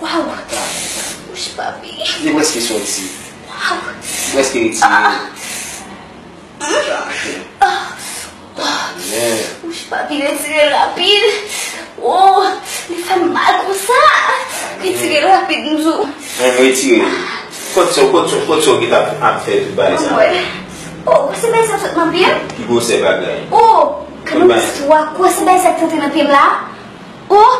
Waw, mwish babi. E mweske sot si. Waw. Mweske li ti. Chache. Dane. Mwish babi, li ti gen rapil. O, li fèm bag mwosa. Li ti gen rapil mzou. A, mweske. Kotsou, kotsou, kotsou. Gita ap fè, dupan li sa. Mwen. O, wase mwen sa sot mwambil? Kiko se bag la. O, kano mwis wak wase mwen sa sot mwambil la? O!